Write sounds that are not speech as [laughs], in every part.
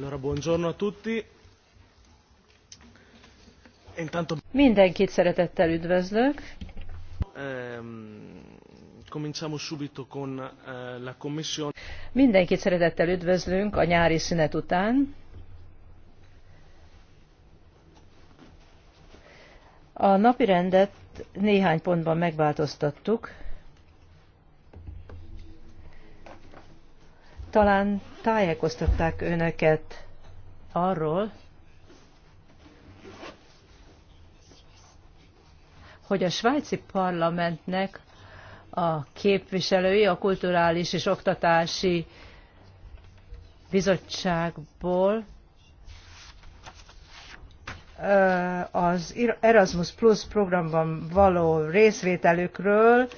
Allora, buongiorno a tutti. Intanto... Mindenkit szeretettel üdvözlök. Ehm, cominciamo subito con eh, la commissione. Mindenkit szeretettel üdvözlünk a nyári szünet után. A napirendet néhány pontban megváltoztattuk. Talán tájékoztatták önöket arról, hogy a svájci parlamentnek a képviselői a kulturális és oktatási bizottságból az Erasmus Plus programban való részvételükről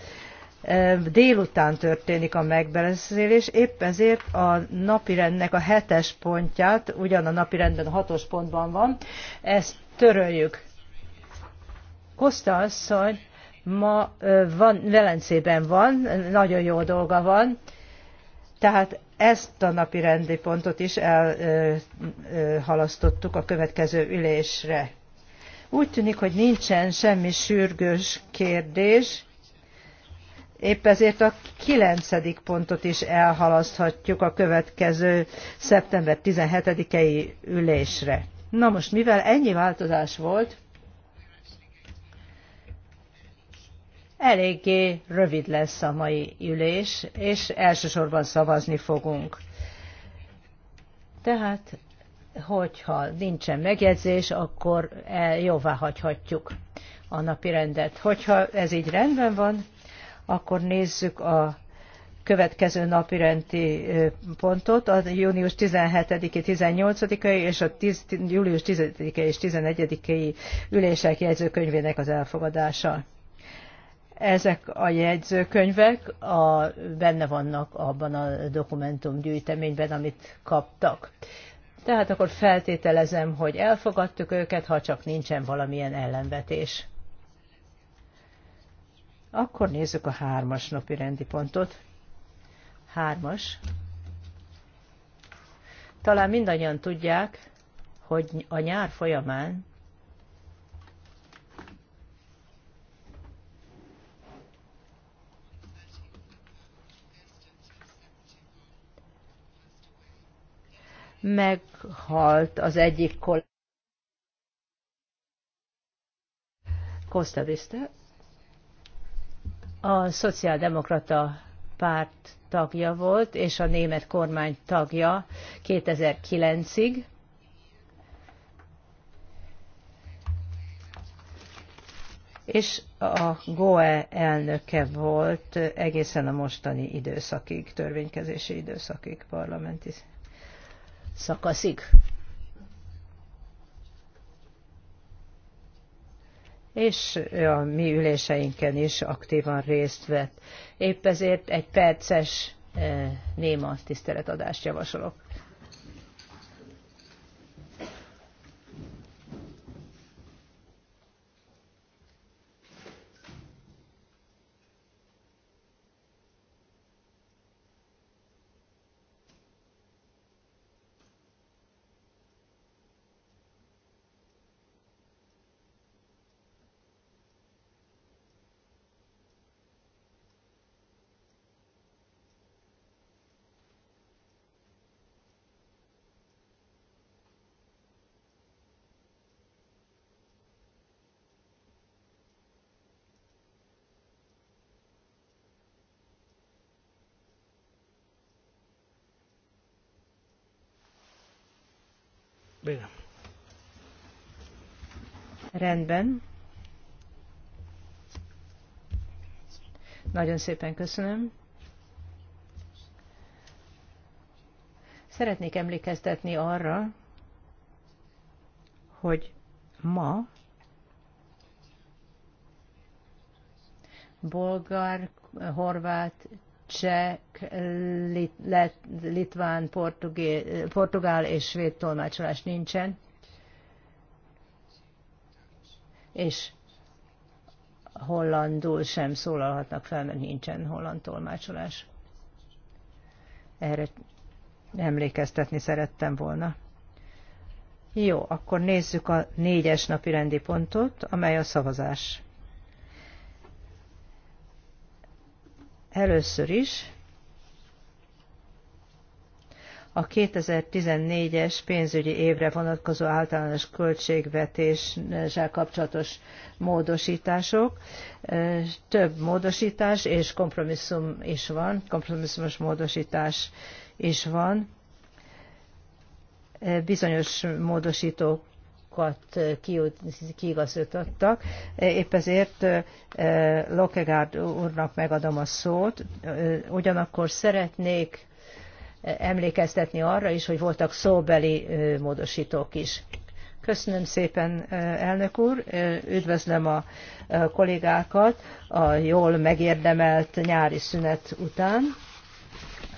délután történik a megbeszélés, épp ezért a napirendnek a hetes pontját, ugyan a napirendben a hatos pontban van, ezt töröljük. Kosta asszony ma van, Velencében van, nagyon jó dolga van, tehát ezt a napi rendi pontot is elhalasztottuk a következő ülésre. Úgy tűnik, hogy nincsen semmi sürgős kérdés, Épp ezért a kilencedik pontot is elhalaszthatjuk a következő szeptember 17-i ülésre. Na most, mivel ennyi változás volt, eléggé rövid lesz a mai ülés, és elsősorban szavazni fogunk. Tehát, hogyha nincsen megjegyzés, akkor jóvá hagyhatjuk a napi rendet. Hogyha ez így rendben van, akkor nézzük a következő napi rendi pontot, a június 17-i, 18 i és a 10, július 10-i és 11-i ülések jegyzőkönyvének az elfogadása. Ezek a jegyzőkönyvek a, benne vannak abban a dokumentumgyűjteményben, amit kaptak. Tehát akkor feltételezem, hogy elfogadtuk őket, ha csak nincsen valamilyen ellenvetés. Akkor nézzük a hármas napi rendi pontot. Hármas. Talán mindannyian tudják, hogy a nyár folyamán meghalt az egyik kollégám. Costa Vista, a szociáldemokrata párt tagja volt, és a német kormány tagja 2009-ig. és a GOE elnöke volt egészen a mostani időszakig, törvénykezési időszakig, parlamenti szakaszig. és a mi üléseinken is aktívan részt vett. Épp ezért egy perces eh, néma tiszteletadást javasolok. Béna. Rendben. Nagyon szépen köszönöm. Szeretnék emlékeztetni arra, hogy ma bolgár, horvát, cseh, lit, lit, litván, portugé, portugál és svéd tolmácsolás nincsen. És hollandul sem szólalhatnak fel, mert nincsen holland tolmácsolás. Erre emlékeztetni szerettem volna. Jó, akkor nézzük a négyes napi rendi pontot, amely a szavazás. Először is a 2014-es pénzügyi évre vonatkozó általános költségvetéssel kapcsolatos módosítások. Több módosítás és kompromisszum is van, kompromisszumos módosítás is van. Bizonyos módosítók sokat kiigazítottak. Épp ezért Lokegárd úrnak megadom a szót. Ugyanakkor szeretnék emlékeztetni arra is, hogy voltak szóbeli módosítók is. Köszönöm szépen, elnök úr, üdvözlöm a kollégákat a jól megérdemelt nyári szünet után.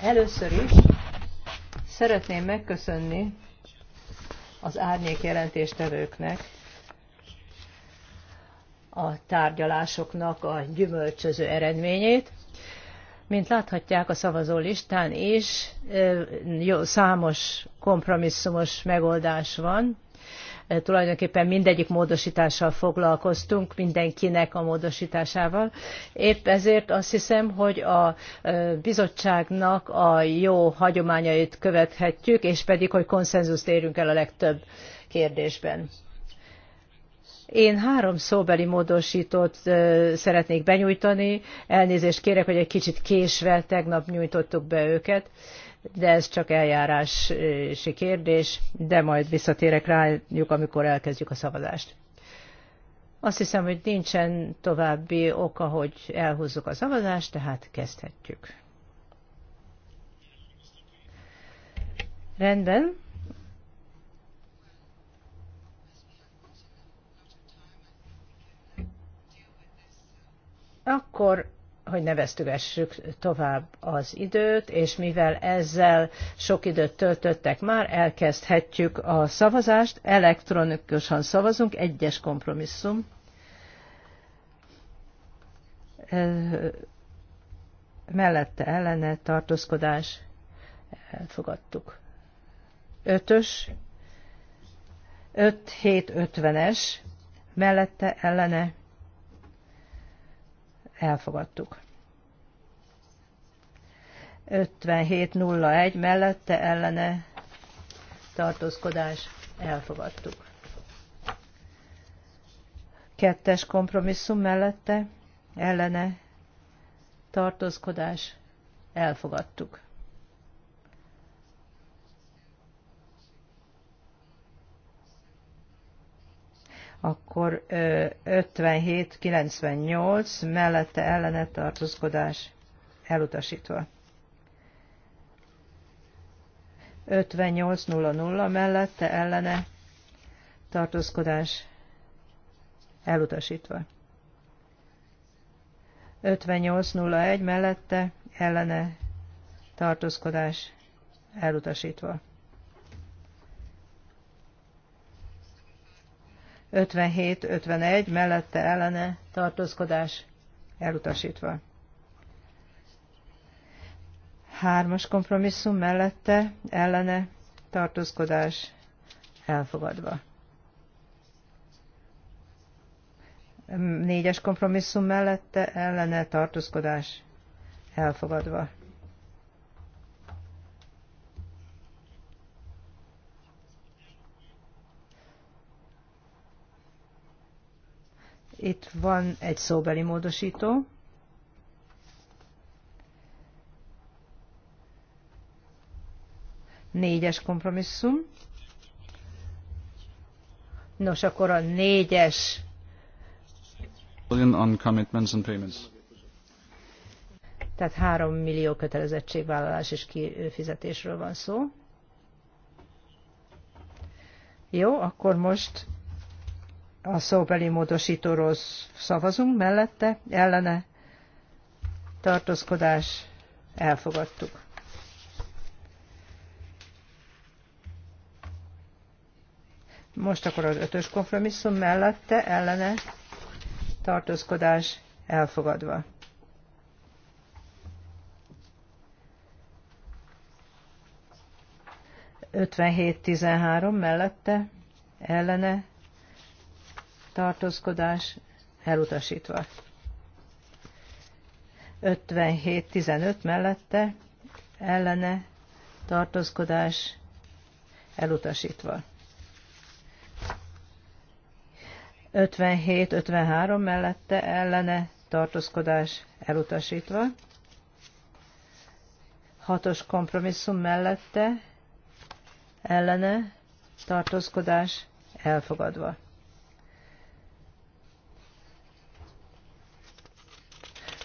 Először is szeretném megköszönni az árnyék jelentéstevőknek a tárgyalásoknak a gyümölcsöző eredményét. Mint láthatják a szavazó listán is, jó, számos kompromisszumos megoldás van, Eh, tulajdonképpen mindegyik módosítással foglalkoztunk, mindenkinek a módosításával. Épp ezért azt hiszem, hogy a eh, bizottságnak a jó hagyományait követhetjük, és pedig, hogy konszenzuszt érünk el a legtöbb kérdésben. Én három szóbeli módosítót eh, szeretnék benyújtani. Elnézést kérek, hogy egy kicsit késve tegnap nyújtottuk be őket, de ez csak eljárási kérdés, de majd visszatérek rájuk, amikor elkezdjük a szavazást. Azt hiszem, hogy nincsen további oka, hogy elhúzzuk a szavazást, tehát kezdhetjük. Rendben. Akkor hogy ne tovább az időt, és mivel ezzel sok időt töltöttek már, elkezdhetjük a szavazást. Elektronikusan szavazunk, egyes kompromisszum. Mellette ellene tartózkodás elfogadtuk. Ötös, 5-7-50-es, mellette ellene elfogadtuk. 57.01 mellette ellene tartózkodás elfogadtuk. Kettes kompromisszum mellette ellene tartózkodás elfogadtuk. akkor 57-98 mellette ellene tartózkodás elutasítva. 58-00 mellette ellene tartózkodás elutasítva. 58-01 mellette ellene tartózkodás elutasítva. 57-51 mellette ellene tartózkodás elutasítva. Hármas kompromisszum mellette ellene tartózkodás elfogadva. Négyes kompromisszum mellette ellene tartózkodás elfogadva. Itt van egy szóbeli módosító. Négyes kompromisszum. Nos, akkor a négyes. On commitments and payments. Tehát három millió kötelezettségvállalás és kifizetésről van szó. Jó, akkor most a szóbeli módosítóról szavazunk, mellette ellene tartózkodás elfogadtuk. Most akkor az ötös kompromisszum mellette ellene tartózkodás elfogadva. Ötvenhét tizenhárom mellette ellene tartózkodás elutasítva. 57-15 mellette ellene tartózkodás elutasítva. 57-53 mellette ellene tartózkodás elutasítva. 6-os kompromisszum mellette ellene tartózkodás elfogadva.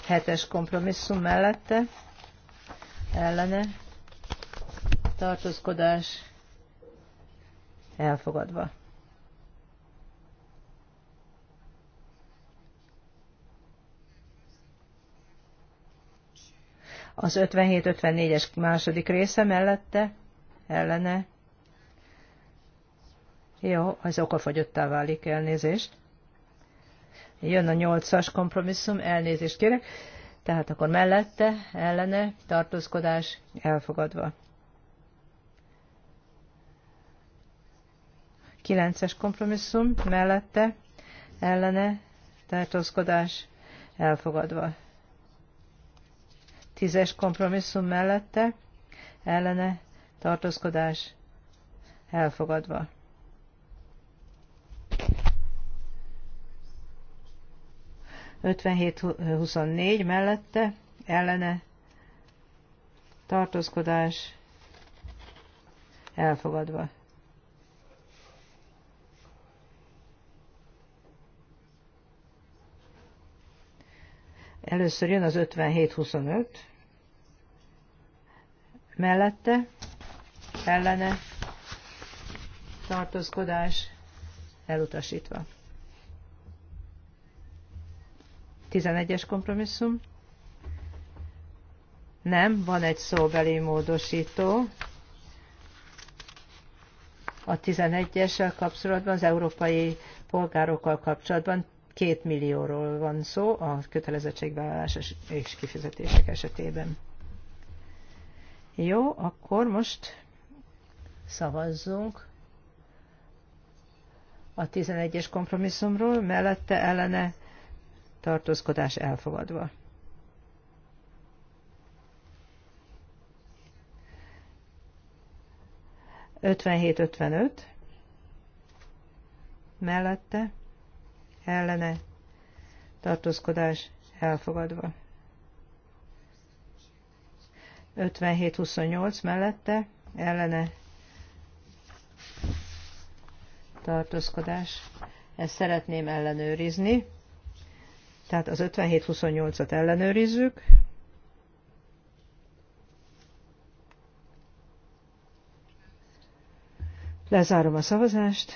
hetes kompromisszum mellette ellene tartózkodás elfogadva. Az 57-54-es második része mellette ellene jó, az okafogyottá válik elnézést. Jön a nyolcas kompromisszum, elnézést kérek. Tehát akkor mellette, ellene, tartózkodás elfogadva. Kilences kompromisszum, mellette, ellene, tartózkodás elfogadva. Tízes kompromisszum mellette, ellene, tartózkodás elfogadva. 57-24 mellette ellene tartózkodás elfogadva. Először jön az 57-25, mellette ellene tartózkodás elutasítva. 11-es kompromisszum. Nem, van egy szóbeli módosító. A 11-essel kapcsolatban, az európai polgárokkal kapcsolatban két millióról van szó a kötelezettségvállalás és kifizetések esetében. Jó, akkor most szavazzunk a 11-es kompromisszumról, mellette ellene tartózkodás elfogadva. Ötvenhét ötvenöt mellette ellene tartózkodás elfogadva. 57-28 mellette ellene tartózkodás. Ezt szeretném ellenőrizni. Tehát az 57-28-at ellenőrizzük. Lezárom a szavazást.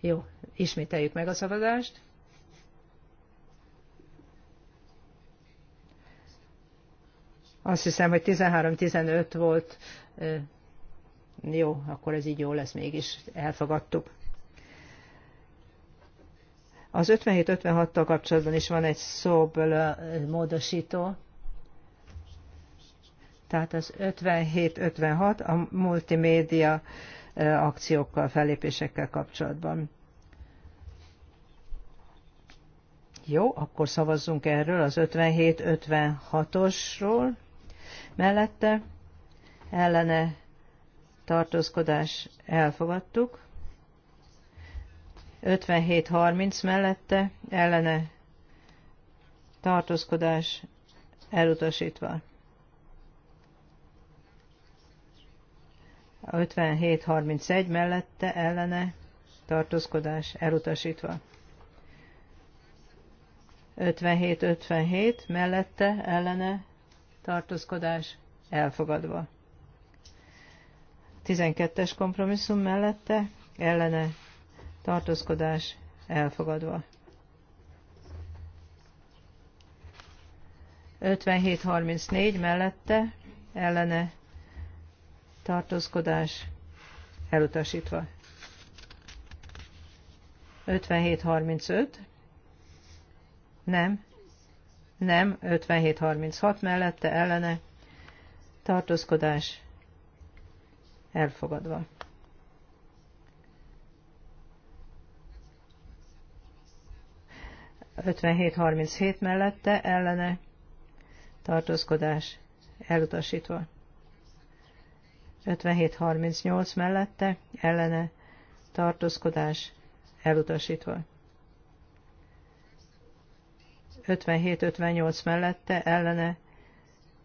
Jó, ismételjük meg a szavazást. Azt hiszem, hogy 13-15 volt. Jó, akkor ez így jó lesz, mégis elfogadtuk. Az 57-56-tal kapcsolatban is van egy szóból módosító. Tehát az 57-56 a multimédia akciókkal, fellépésekkel kapcsolatban. Jó, akkor szavazzunk erről az 57-56-osról mellette ellene tartózkodás elfogadtuk, 57-30 mellette ellene tartózkodás elutasítva. A 57-31 mellette ellene tartózkodás elutasítva. 57-57 mellette ellene tartózkodás elfogadva. 12-es kompromisszum mellette ellene tartózkodás elfogadva. 57-34 mellette ellene tartózkodás elutasítva. 57-35 nem, nem, 5736 mellette ellene tartózkodás elfogadva. 57 mellette ellene tartózkodás elutasítva. 5738 mellette ellene tartózkodás elutasítva. 57-58 mellette ellene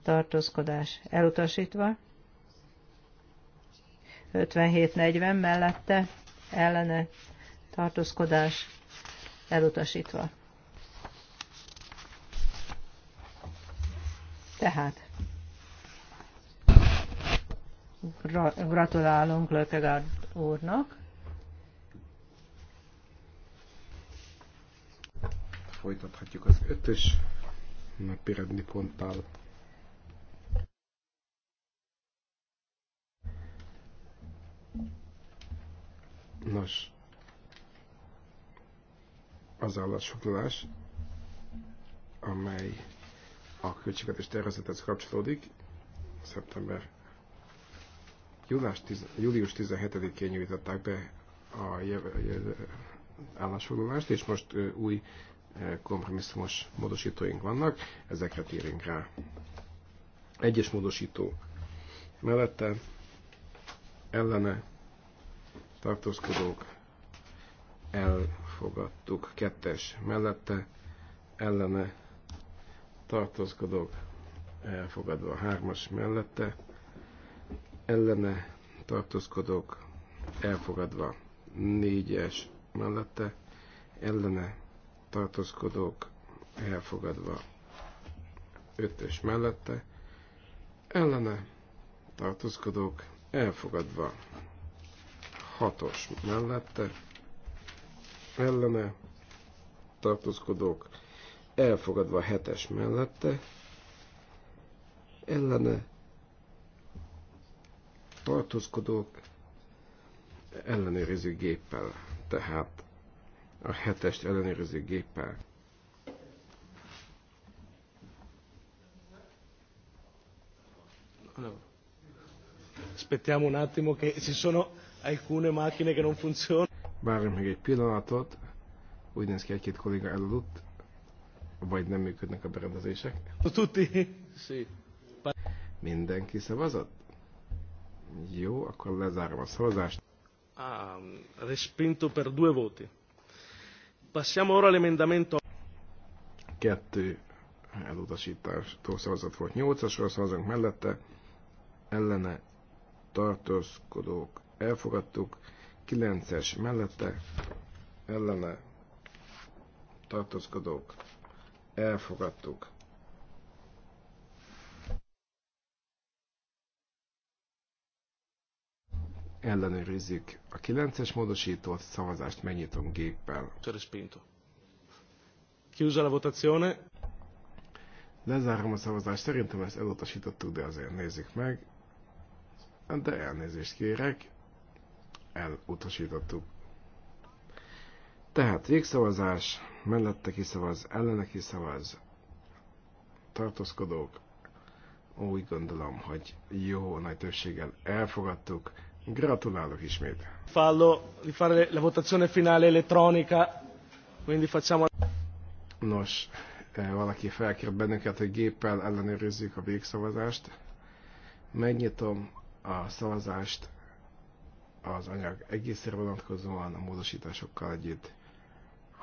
tartózkodás elutasítva, 57-40 mellette ellene tartózkodás elutasítva. Tehát gratulálunk Lökegárd úrnak. folytathatjuk az ötös napirendi ponttal. Nos, az állásfoglalás, amely a költségvetés tervezethez kapcsolódik, szeptember július, július 17-én nyújtották be a állásfoglalást, és most új kompromisszumos módosítóink vannak, ezekre térünk rá. Egyes módosító mellette ellene tartózkodók elfogadtuk. Kettes mellette ellene tartózkodók elfogadva. Hármas mellette ellene tartózkodók elfogadva. Négyes mellette ellene tartózkodók elfogadva. Ötös mellette ellene tartózkodók elfogadva. Hatos mellette ellene tartózkodók elfogadva. Hetes mellette ellene tartózkodók ellenőrző géppel, tehát a hetest ellenőrző géppel. Aspettiamo un attimo che ci sono alcune macchine che non funzionano. Várjunk még egy pillanatot. Úgy néz ki, egy-két kolléga elaludt. Vagy nem működnek a berendezések. Tutti. Sì. Mindenki szavazott? Jó, akkor lezárom a szavazást. Ah, respinto per due voti. Passiamo ora all'emendamento. Kettő elutasítástól szavazat volt. Nyolcasra szavazunk mellette, ellene tartózkodók elfogadtuk. Kilences mellette, ellene tartózkodók elfogadtuk. ellenőrizzük a 9-es módosítót, szavazást megnyitom géppel. Pinto. Chiusa la votazione. Lezárom a szavazást, szerintem ezt elutasítottuk, de azért nézzük meg. De elnézést kérek, elutasítottuk. Tehát végszavazás, mellette kiszavaz, ellene kiszavaz, tartózkodók, úgy gondolom, hogy jó nagy többséggel elfogadtuk. Gratulálok ismét. Fallo di fare la votazione finale elettronica, quindi facciamo... Nos, eh, valaki felkér bennünket, hogy géppel ellenőrizzük a végszavazást. Megnyitom a szavazást az anyag egészre vonatkozóan a módosításokkal együtt.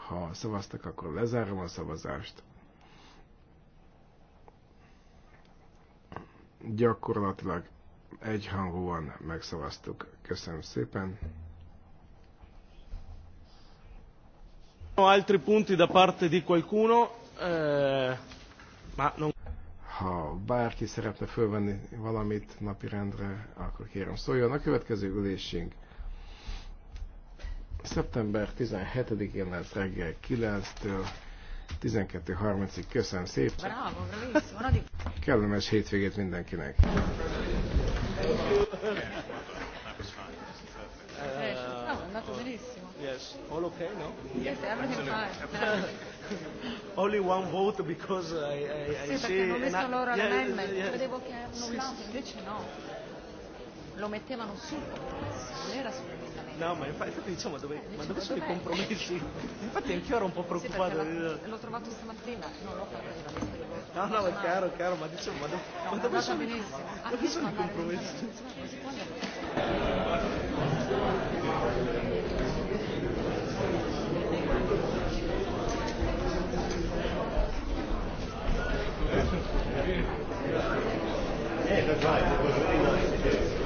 Ha szavaztak, akkor lezárom a szavazást. Gyakorlatilag egyhangúan megszavaztuk. Köszönöm szépen. Altri punti da parte di qualcuno, eh, ma non... Ha bárki szeretne fölvenni valamit napirendre, akkor kérem szóljon. A következő ülésünk szeptember 17-én lesz reggel 9-től 12.30-ig. Köszönöm szépen! Bravo, bravissimo! Kellemes hétvégét mindenkinek! Yes. All okay, no? Yes, everything fine. [laughs] Only one vote because I, I, I sì, see... Sì, perché loro yeah, l'amendment. Yeah. Credevo che avevano sì, sì. invece no. Lo mettevano sul compromesso, non era sul No, ma infatti, infatti diciamo dove, ma dove sono i compromessi? Infatti anch'io ero un po' preoccupato. Sì, l'ho, l'ho trovato stamattina, non l'ho fatto No, no, è chiaro, chiaro, ma diciamo, ma, do, no, ma dove sono, benissimo. dove sono i ah, compromessi? Yeah, that's right. It was really nice.